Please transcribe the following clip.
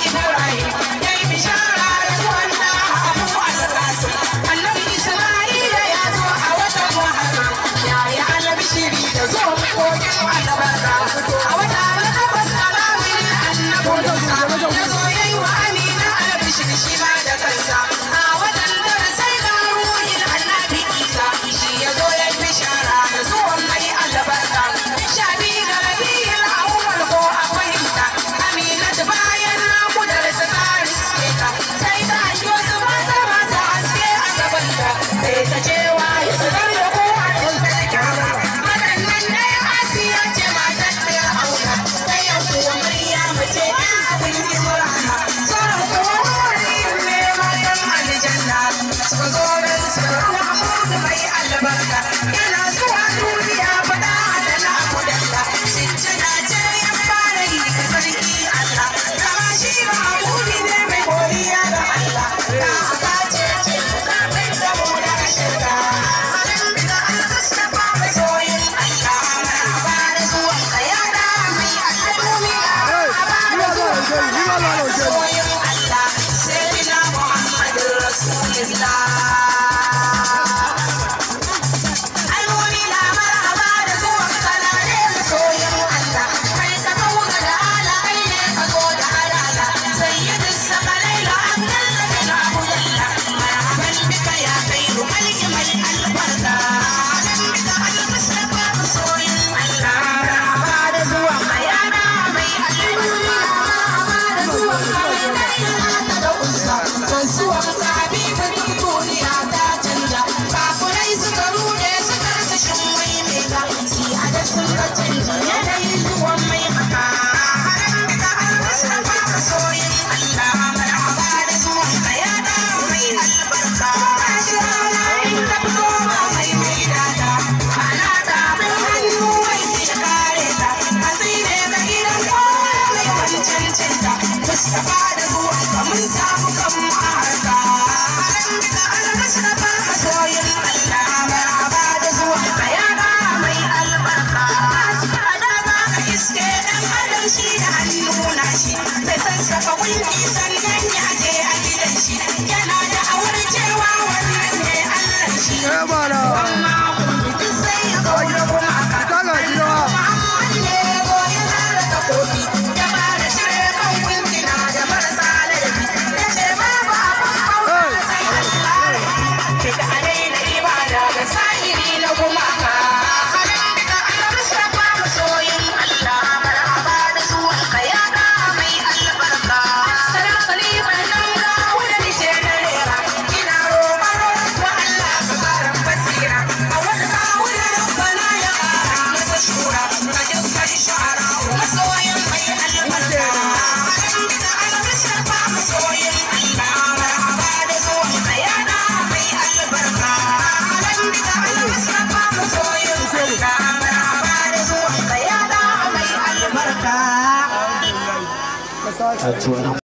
승인해라. do Saka we That's right.